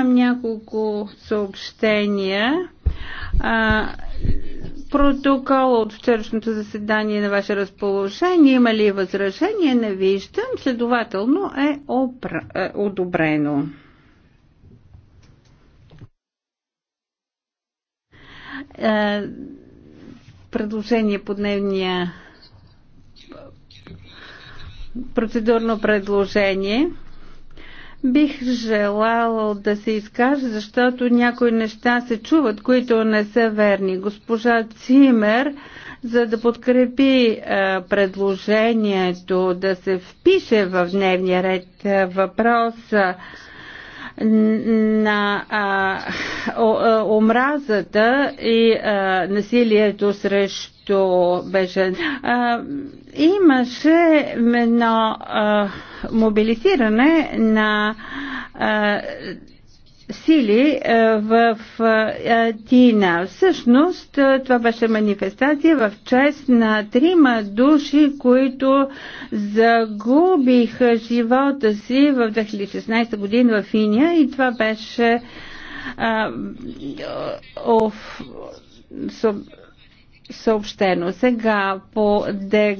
Имам няколко съобщения. А, протокол от вчерашното заседание е на ваше разположение. Има ли възражение? Не виждам. Следователно е, опра... е одобрено. А, предложение по дневния процедурно предложение. Бих желал да се изкажа, защото някои неща се чуват, които не са верни. Госпожа Цимер, за да подкрепи а, е, предложението да се впише в дневния ред е, въпроса на а, омразата и а, насилието срещу бежен. А, имаше едно а, мобилизиране на а, сили в Тина. Всъщност това беше манифестация в чест на трима души, които загубиха живота си в 2016 година в Иния и това беше съобщено. Сега по дек